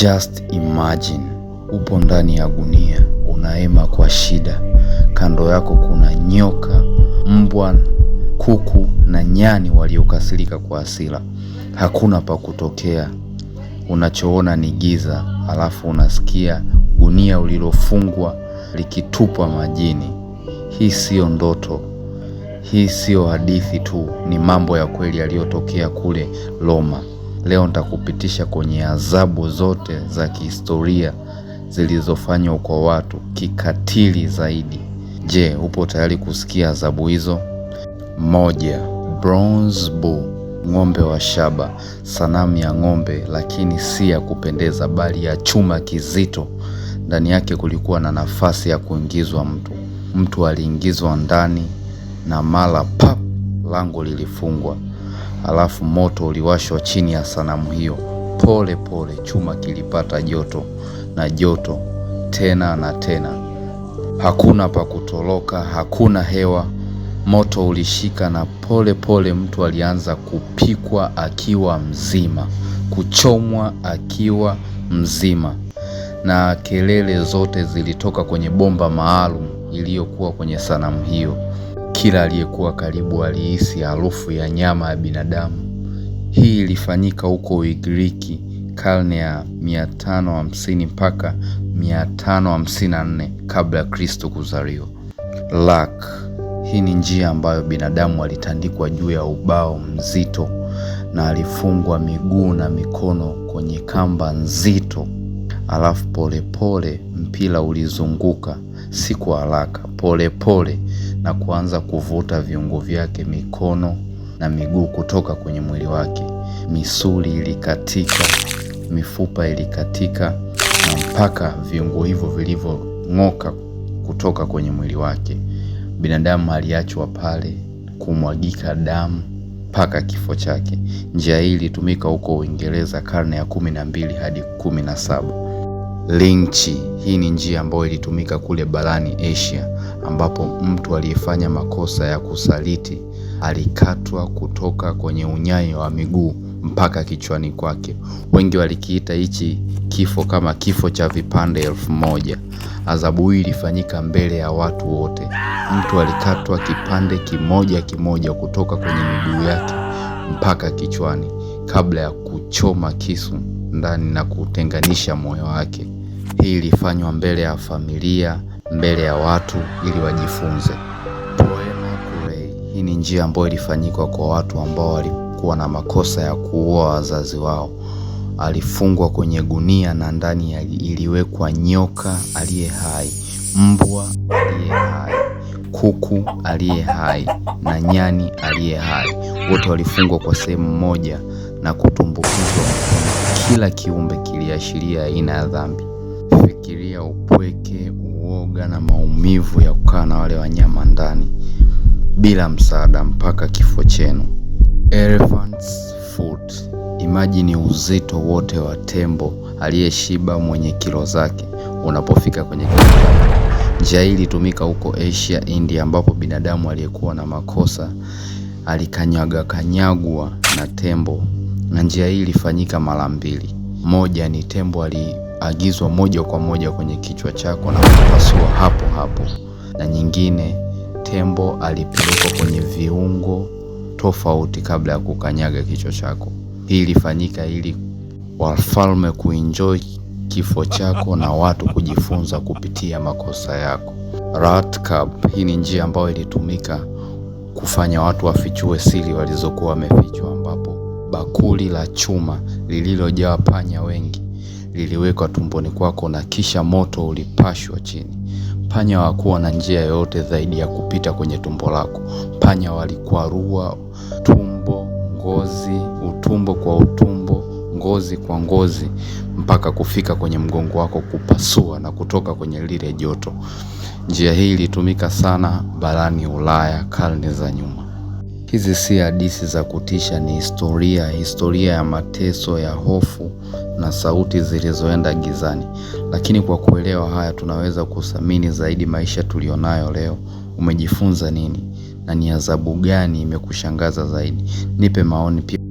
Just imagine upo ndani ya gunia, unaema kwa shida. Kando yako kuna nyoka, mbwa, kuku na nyani waliokasirika kwa hasira. Hakuna pa kutokea, unachoona ni giza, alafu unasikia gunia ulilofungwa likitupwa majini. Hii siyo ndoto, hii siyo hadithi tu, ni mambo ya kweli yaliyotokea kule Roma. Leo nitakupitisha kwenye adhabu zote za kihistoria zilizofanywa kwa watu kikatili zaidi. Je, upo tayari kusikia adhabu hizo? Moja, Bronze Bull, ng'ombe wa shaba, sanamu ya ng'ombe, lakini si ya kupendeza, bali ya chuma kizito. Ndani yake kulikuwa na nafasi ya kuingizwa mtu. Mtu aliingizwa ndani na mara pap, lango lilifungwa alafu moto uliwashwa chini ya sanamu hiyo. Pole pole chuma kilipata joto na joto tena na tena, hakuna pa kutoroka, hakuna hewa. Moto ulishika na pole pole mtu alianza kupikwa akiwa mzima, kuchomwa akiwa mzima, na kelele zote zilitoka kwenye bomba maalum iliyokuwa kwenye sanamu hiyo. Kila aliyekuwa karibu alihisi harufu ya nyama ya binadamu. Hii ilifanyika huko Ugiriki karne ya 550 mpaka 554 kabla ya Kristo kuzaliwa. Lak, Hii ni njia ambayo binadamu alitandikwa juu ya ubao mzito na alifungwa miguu na mikono kwenye kamba nzito, alafu polepole mpira ulizunguka si kwa haraka, polepole na kuanza kuvuta viungo vyake, mikono na miguu kutoka kwenye mwili wake. Misuli ilikatika, mifupa ilikatika, na mpaka viungo hivyo vilivyong'oka kutoka kwenye mwili wake. Binadamu aliachwa pale kumwagika damu mpaka kifo chake. Njia hii ilitumika huko Uingereza karne ya kumi na mbili hadi kumi na saba linchi Hii ni njia ambayo ilitumika kule barani Asia ambapo mtu aliyefanya makosa ya kusaliti alikatwa kutoka kwenye unyayo wa miguu mpaka kichwani kwake. Wengi walikiita hichi kifo kama kifo cha vipande elfu moja. Adhabu hii ilifanyika mbele ya watu wote. Mtu alikatwa kipande kimoja kimoja kutoka kwenye miguu yake mpaka kichwani kabla ya kuchoma kisu ndani na kutenganisha moyo wake. Hii ilifanywa mbele ya familia, mbele ya watu ili wajifunze poema kurei. Hii ni njia ambayo ilifanyikwa kwa watu ambao walikuwa na makosa ya kuua wazazi wao. Alifungwa kwenye gunia na ndani iliwekwa nyoka aliye hai, mbwa aliye hai, kuku aliye hai na nyani aliye hai. Wote walifungwa kwa sehemu moja na kutumbukizwa kila kiumbe kiliashiria aina ya dhambi. Fikiria upweke, uoga na maumivu ya kukaa na wale wanyama ndani bila msaada mpaka kifo chenu. Elephant's foot. Imajini uzito wote wa tembo aliyeshiba mwenye kilo zake unapofika kwenye kifo. Njia hii ilitumika huko Asia, India, ambapo binadamu aliyekuwa na makosa alikanyaga kanyagwa na tembo na njia hii ilifanyika mara mbili. Moja ni tembo aliagizwa moja kwa moja kwenye kichwa chako na kupasua hapo hapo, na nyingine tembo alipelekwa kwenye viungo tofauti kabla ya kukanyaga kichwa chako. Hii ilifanyika ili wafalme kuenjoy kifo chako na watu kujifunza kupitia makosa yako. Rat Cup, hii ni njia ambayo ilitumika kufanya watu wafichue siri walizokuwa wamefichwa ambapo Bakuli la chuma lililojaa panya wengi liliwekwa tumboni kwako na kisha moto ulipashwa chini. Panya hawakuwa na njia yoyote zaidi ya kupita kwenye tumbo lako. Panya walikwarua tumbo, ngozi, utumbo kwa utumbo, ngozi kwa ngozi, mpaka kufika kwenye mgongo wako, kupasua na kutoka kwenye lile joto. Njia hii ilitumika sana barani Ulaya karne za nyuma. Hizi si hadithi za kutisha, ni historia, historia ya mateso, ya hofu na sauti zilizoenda gizani. Lakini kwa kuelewa haya, tunaweza kuthamini zaidi maisha tuliyonayo leo. Umejifunza nini na ni adhabu gani imekushangaza zaidi? Nipe maoni pia.